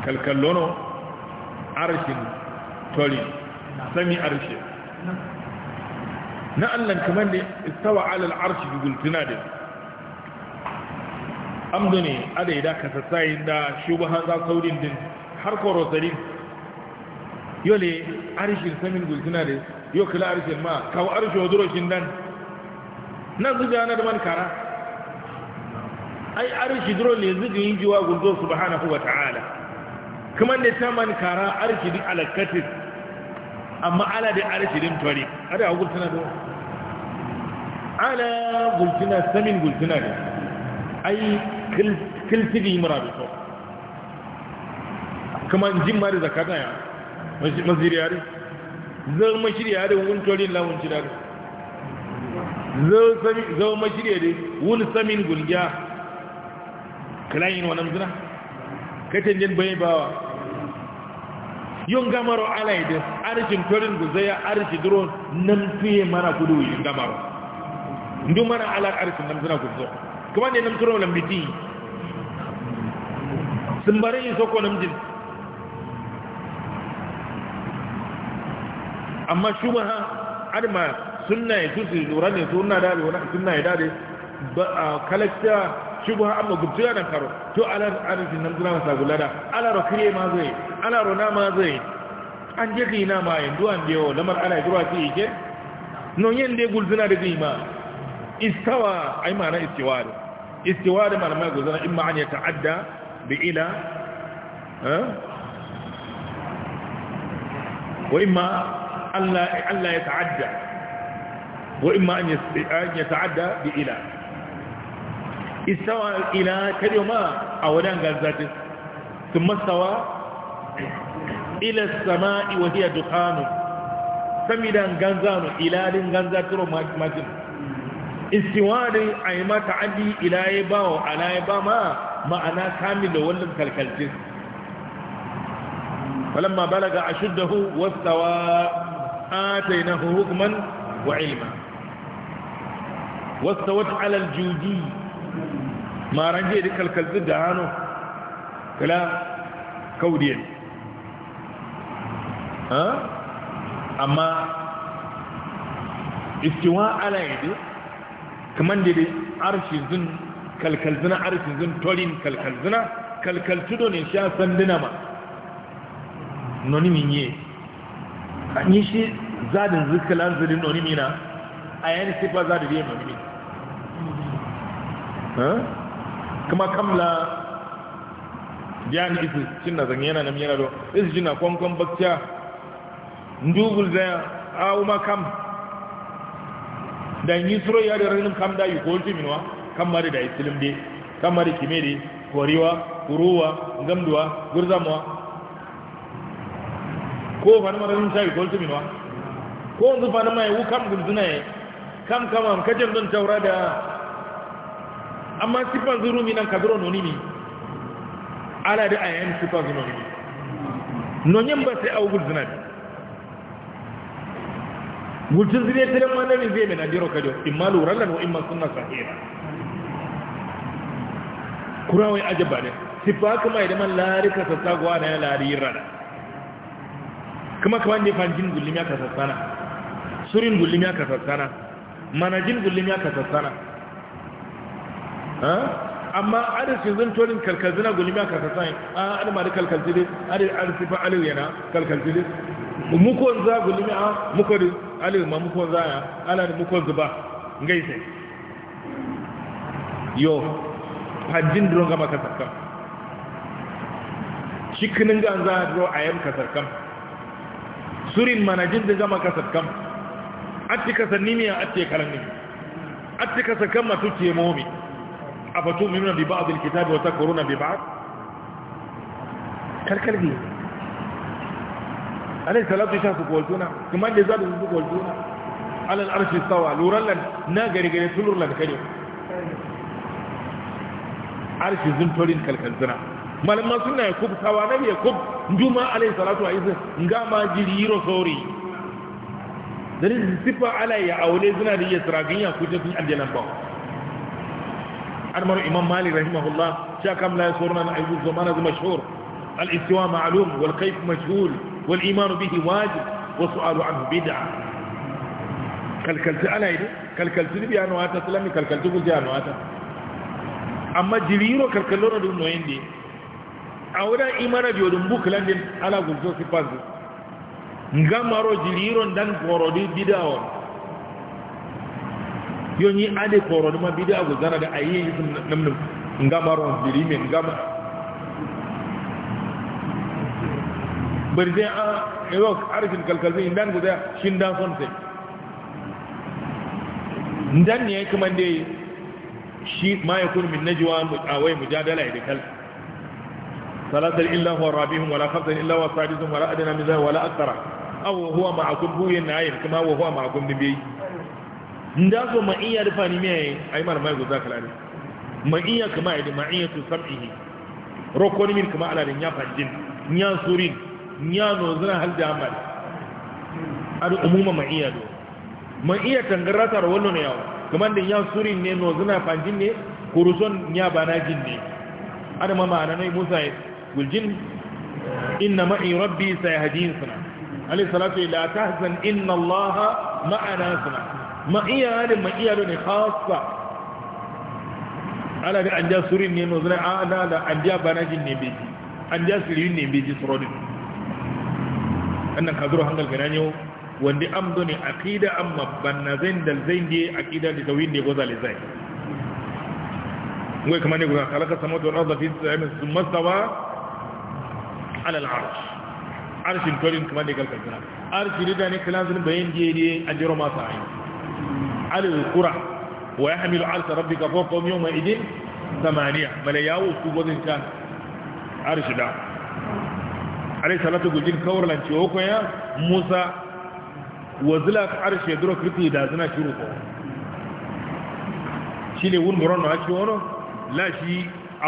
kalkallono arshin tori sami arshi na allon kamar da istawa alal arshi gultuna da amdu ne adaida kasassayin da shugaban za saurin din har Yau yole arshin samin gultuna da yo kila arshin ma kawo arshin wadurokin dan na zuga na da man kara ai arshi duro ne zuga yin jiwa gunzo subhanahu wa ta'ala kuma da ta man kara arshi din alakatin amma ala da arshi din tori ada a gultuna do ala gultuna samin gultuna ne ai kiltibi murabito kuma jin da zakata ya masjidiyari zan mashirya da wun torin lawun cirar zan mashirya da wun samin gulgiya kalayin wa namzina katin jin bayan bawa yun gamaro alaidin arshin torin guzaya arshi drone nan fiye mana kudu yun gamaro ndu mana alar arshin namzina kudu kuma ne namzina lambiti sun bari yin soko namjin. amma shubaha arma sunna ya tusi lura ne sunna da wani sunna ya dade ba kalakta shubaha amma gubtura da karo to ala arifi nan gura masa gulada ala rokire ma zai ala rona ma zai an je kina ma yin duwa je yau lamar ana zuwa ci ke no yin dai gulzuna da zai ma istawa ai ma'ana istiwa da istiwa da malamai gulzuna in ma'an ya ta'adda bi ila eh? wa imma Allah ya ta'adda wa imma an ya bi ila istawa ila kalima a wadan garzatin sun masawa ila sama'i wa hiya dukhanu samidan ganzanu ilalin ganzatiro majin istiwari a yi mata adi ila ya ba wa ala ya ba ma ma'ana kamil da wannan kalkalcin falamma balaga a shudda ashuddahu wastawa آتيناه حكما وعلما واستوت على الجودي ما رنجي ذلك الكلب دعانو كلا كوديا ها أما استواء على يدي كمان دي عرش زن كالكالزنا عرش زن تولين كالكالزنا كالكالتدون إن شاء سندنا ما نوني من يه an yi shi zadin zikalan zirin mina a yayin sifa zadi biyan onimina kuma kamla jan cin na zan yana nam yana do jina cinna kwankwan bakciya ndugul zaya a ma kam da yi tsoro ya da kam da yi kowace minwa kam mari da isilim de kam mari kime de koriwa kuruwa ngamduwa gurzamuwa ko fani namara nun sai ko tumi wa ko zu fani mai wu kam gunzuna ya kam kama kajen don taura da amma sifan zuru minan kabiro noni mi ala da ayyan sifan zuru noni nonyin ba sai au gunzuna ne gulcin zire tiran ma nabi zai mena diro kajo imma lurallan wa imma sunna sahira kurawai ajaba ne sifa kuma idan man larika sa sagwa na rada? kuma ne fa fanjin gullum ya kasassana surin gullum ya mana manajin gullum ya kasassana ah? amma arisi zan torin kalkalzi na gulmi a karkasan a ah, adama da kalkalzi ne arisi fa aliyu yana kalkalzi ne mukon za ya muka da aliyu ma mukon za ya ala da mukon zuba ngai sai yo hajjin duron gama kasarkan cikinin ga za a duro a kasar kasarkan surin manajin da zama kasar kam atti kasar nimiya atti karan nimi atti kasar kan matu ce momi a fatu mimina bi ba'ad alkitabi wata takuruna bi ba'a ba'ad karkarbi alai salatu sha su kwaltuna kuma da za da su kwaltuna alal arshi sawa luran lan na gari gari tulur lan kare arshi zuntorin kalkalzuna malama suna ya kub kawa na ya kub juma alayhi salatu wa isa nga ma jiri yiro sori dari sifa ala ya aule zina da ya siragin ya kuje sun aljanna ba armar imam malik rahimahullah sha kam la yasurna na ayyub zamana zu mashhur al istiwa ma'lum wal kayf majhul wal iman bihi wajib wa su'alu anhu bid'a kalkalti ala ide kalkalti bi anwa ta salami kalkalti ku ji anwa ta amma jiriro kalkallon da noyin dai awra imara bi odum buk landin ala gum to sipazu ngamaro jiliro ndan korodi bidawo yoni ade korodi ma bidawo zana da ayi namnum ngamaro birime ngama berde a ewo arifin kalkalzin ndan guda shinda sonse ndan ne kuma dai shi ma yakun min najwa awai mujadala idikal ثلاثا إلا هو رابعهم ولا خمسا إلا هو سادسهم ولا أدنى من ذلك ولا أكثر أو هو معكم هو النعيم كما هو هو معكم نبي نداس معية رفاني مي أيمن ما يقول ذاك العلم معية كما يدي معية سمعه ركوني من كما على نيا فنجين نيا سورين نيا نوزنا هل دعمل أدو أموما معية دو معية تنغراتر ولو نياو كمان دي نيا سورين نيا نوزنا فنجين نيا kuruson ya bana jin ne adama ma'ana nai musa والجن إن معي ربي سيهدين سنة عليه الصلاة والسلام لا تهزن إن الله معنا سنة معي هذا معي هذا خاصة على أن جاء سوري نيمو زنا آه، أنا لا أن جاء نيمبيجي أنجا بيجي أن جاء أنا كذرو بيجي كنانيو أنا am zo كنانيو aƙida أمدني mabban أما zain da zain ne aƙida da دي ne goza lizai wai kamar ne guza halaka samar da rarrafi tsaye mai sun alal arsh arshin torin kuma ne galkar gina arshi rida ne kilansun bayan jeriye a jiro masu ayi alil kura wa ya hamilu arsa rabbi ka fo kom yau mai idin samaniya mala yawo su gwazin ka arshi da alai salatu gujin kawar lanci wa kwaya musa wa zila ka ya duro kirki da zina shiru ko shi ne wun muron a ake wano la shi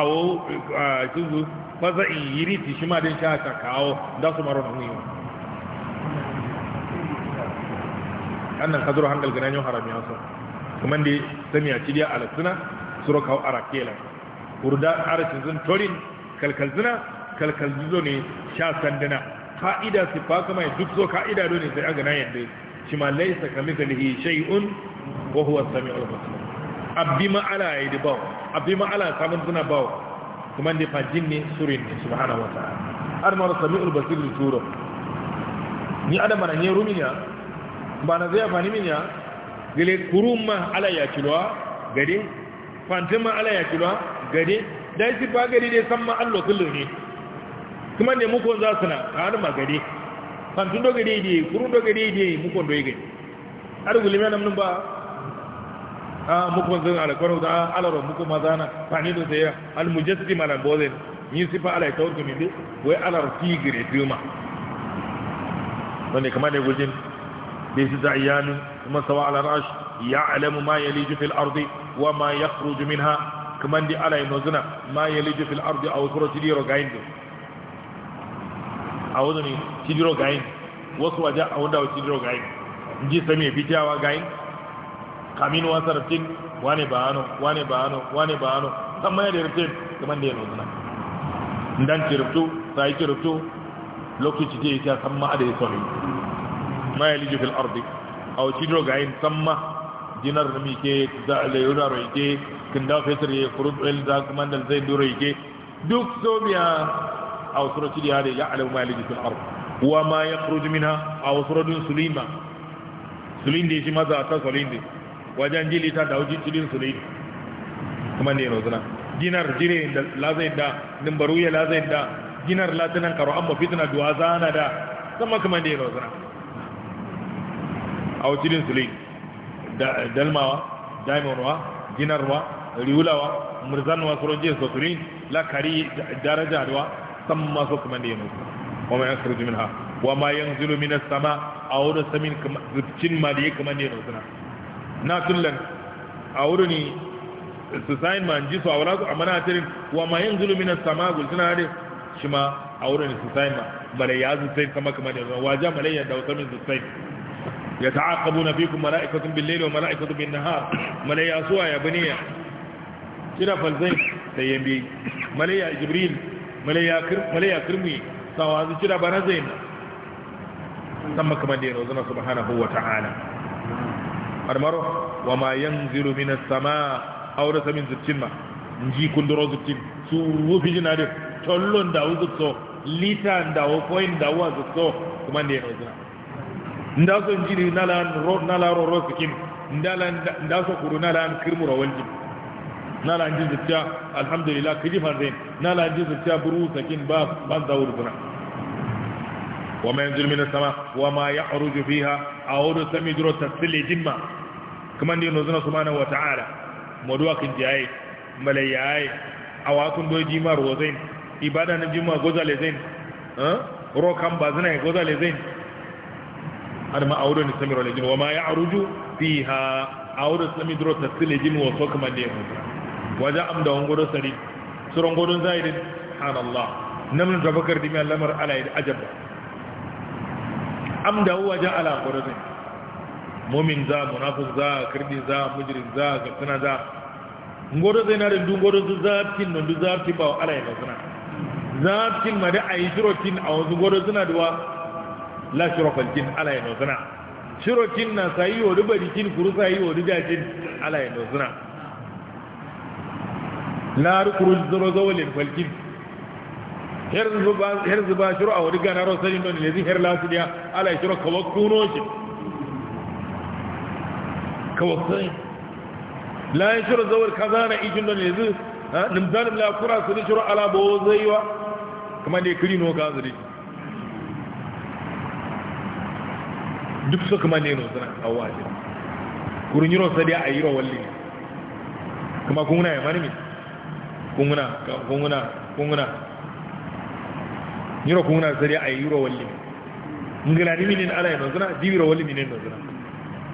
awo cikin Kwaza in yi riti shi ma din sha ta kawo da su maro na huyo annan kadro hangal gina yau haram yaso kuma ndi sami a cidiya alasuna suro kawo arakela urda arasin zun torin kalkalzuna kalkalzuzo ne sha sandana ka'ida su fa kama duk so ka'ida do ne sai a gina yadda shi ma laisa lihi shay'un wa huwa as-sami'ul basir abbi ma ala yadi bawo abbi ma ala samun zina bawo kuma ne fajin ne surin ne subhanahu wa ta'ala ar mara sami'ul basir turo ni ada mana ne ruminya ba na zai fani minya gele kuruma ala ya kilwa gade fantima ala ya kilwa gade dai si ba gade dai samma ma kullu ne kuma ne mukon za su na har ma gade fantin do gade dai kurun do gade dai mukon do gade ar gulmi nan ba a ah, muku manzon ala kwaro da ala ro muku mazana fani do sai al mujassim ala bozen ni sifa ala tawr to minde wai ala tigre duma wanda kamar da gujin bi su zayyanu kuma sawa ala rash alamu ma yaliju fil ardi wa ma yakhruju minha kaman di ala inozuna ma yaliju fil ardi aw surati diro gaindo a wani tidiro gayin wasu waje a wanda wa tidiro gayin ji sami fitawa gayin kamin wa sarfin wane ba ano wane ba ano wane ba ano san mai da rufin kaman da ya nuna dan ki rufto sai ki rufto lokaci ce yake san ma da ya sori ma ya liji fil ardi aw ci do gayin san ma dinar da mi ke da le yura ro yake kin da fetar ya kurud el da kuma da zai duro yake duk so biya aw surati da ya alamu ma liji fil ardi wa ma yakhruju minha aw suradun sulima sulinde shi maza ta sulinde jili ta dawo jitilin su dai kuma ne rozuna ginar jire da lazai da nimbaruye lazai da ginar latinan karo amma fitna duwa zana da sama kuma ne rozuna a wajirin su da dalmawa daimonwa ginarwa riwulawa murzanwa surojin sosulin lakari darajarwa sama su kuma ne rozuna وما يخرج منها a ينزل samin السماء zubcin ma da ربتين kuma ne rozuna na tunlan a ne su sayin ma ji su a wura su a mana tirin wa ma yin zulumi na sama gulsuna ne shi ma a ne su sayin ma bale ya zu sai kama kama da wa ja malayya da wata min su sai ya ta'aqabu na fikum mala'ikatun bil layli wa mala'ikatun bin nahar malayya suwa ya ya shida falzai sai yambi malayya jibril malayya kir malayya kirmi sawa zu kira bana na sama kama da yanzu na subhanahu wa ta'ala almaro wa ma yanzilu minas sama awra samin ma, nji kundoro zittin su wufi jina de tollo ndawu zutso lita ndawu koyin ndawu zutso kuma ne no zina nda so ni nala ro nala ro ro sikin ndala nda so kuru nala an ro walji nala nji zutya alhamdulillah kidi fanzin nala nji zutya buru sakin ba ban zawur zina وما ينزل من السماء وما يعرج فيها أعود سمجر تسلي جمع كما نزل سبحانه وتعالى مدوك جاي ملياي awakun doyi jima rozain ibada na jima goza lezain rokan ba zina goza lezain har ma auren da samiro lejin wa ma ya aruju fi ha auren samidro ta su lejin wa so kuma ne waje am da wangodon sari suron godon zairin hanallah namun da bakar lamar ala ajabba amda huwa ala qurbi mu'min za munafiq za kirdi za mujrim za gafina za ngoro zai na da du ngoro zu zafin non za ti ba ala ya za tin ma da ayi tin a wasu ngoro zuna da la shirofal tin ala ya Shiro tin na yo wa bari tin kuru sai wa da jin ala ya zana la kuru zoro zawalin falkin her zuba her zuba shiro awri gana ro sari don lezi her lati dia ala shiro kawo kuno shi ko sai la shiro zawar kazana ijin don lezi nim zalim la kura su shiru ala zai wa kuma ne kiri no ga zuri duk su kuma ne no yi awaje kurun a yi ayiro walli kuma kuna ya marmi kuna kuna kuna nyiro ko zari sari ay yuro walli ngala ni minin ala no zuna diwiro walli minin no zuna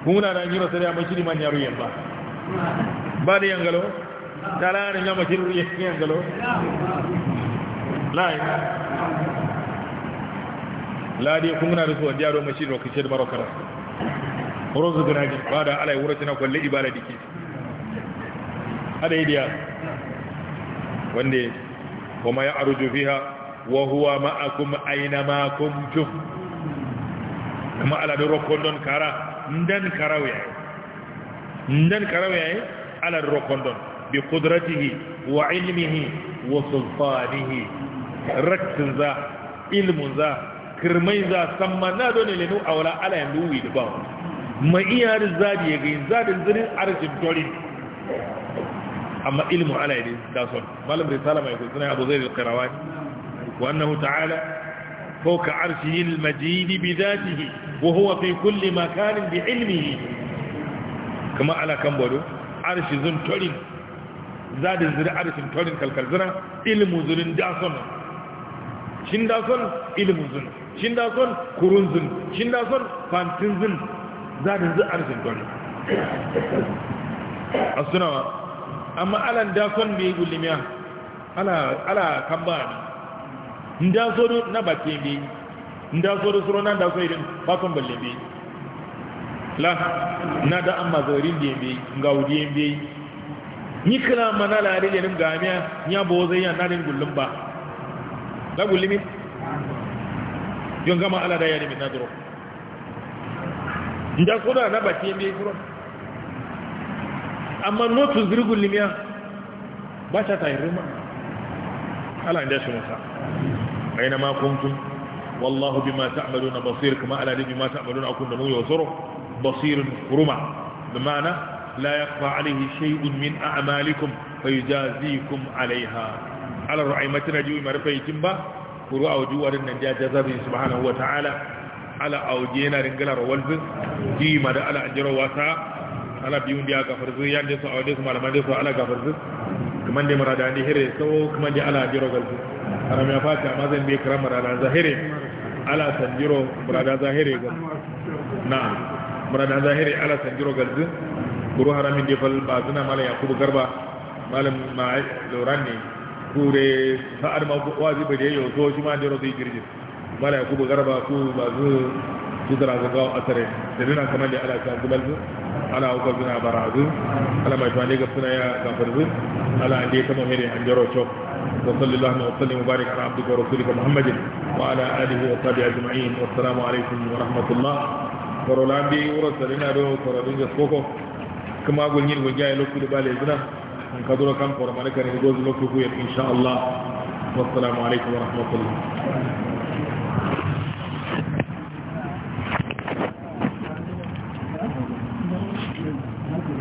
nguna na nyiro sari ma chiri man yaru yamba ba de yangalo dala na nyama chiri yangalo lai la de ko ya ruwa diaro ma chiri ko chiri marokara rozu ji ba da ala yuro tana kulli ibada dike ada idiya Wande ya ma ya aruju fiha Wahuwa huwa ma'akum aina ma kuntum kuma ala do don kara ndan karawe ndan karawe ala rokondon bi qudratihi wa ilmihi wa sultanihi raktin za ilmun za kirmai za samma na dole lenu awla ala yandu wi da ba ma iyar zadi ya gani zadin zirin arjin dolin amma ilmu ala yadin da son malam risala mai kusuna abu zai da ne. وأنه تعالى فوق عرشه المجيد بذاته وهو في كل مكان بعلمه كما على كم بلو عرش ذن تولين زاد الزر عرش تولين كالكالزنا علم ذن داسون شن داسون علم ذن شن داسون كرون ذن شن داسون فانتن ذن زاد الزر عرش تولين السنوة أما ألا داسون بيقول لي على على كم بلو ndazoru na nda ndazoru suro na ndazo irin bakon bi la na da amma zorin dembe ga bi ni kala mana la ri jenim gamiya nya boze ya na rin gullum ba da gullimi yon gama ala da yari min nadro ndazo da na bi suro amma notu zirgulimiya ba ta tayi ruma ala inda shi musa أينما كنتم والله بما تعملون بصير كما ألا بما تعملون أكون نمو يوزره بصير رمع بمعنى لا يخفى عليه شيء من أعمالكم فيجازيكم عليها على رعيمتنا جوي مرفيتم با كروا وجوار النجاة جزاته سبحانه وتعالى على أوجينا رنجل روالف جي مدى على أجر واسع على بيون دي أكفرز يان دي سعودي سمال من دي سعودي أكفرز كمان دي مرادان دي هيري سو كمان دي على أجر وغلف haram ya fata amma zan bai kiran murada zahiri ala sanjiro murada zahiri ga na murada zahiri ala sanjiro zin guru haramin da fal ba zuna malam kubu garba malam ma lauran ne kure sa'ar ma wajibi da yau so shi ma da zai girgin malam kubu garba ku ba zu kudura ga gawo asare da nuna kamar da ala sa gubalzu ala ko zuna barazu ala mai tuwane ga suna ya gafarzu ala dai kama mere an jaro cok وصلى الله وسلم وبارك على عبدك ورسولك محمد وعلى اله وصحبه اجمعين والسلام عليكم ورحمه الله ورولان ورسلنا دو فرادين جسكوكو كما قول نير وجاي لوك دي بالي جنا ان كدور كان فرمانك ان جوز لوك ان شاء الله والسلام عليكم ورحمه الله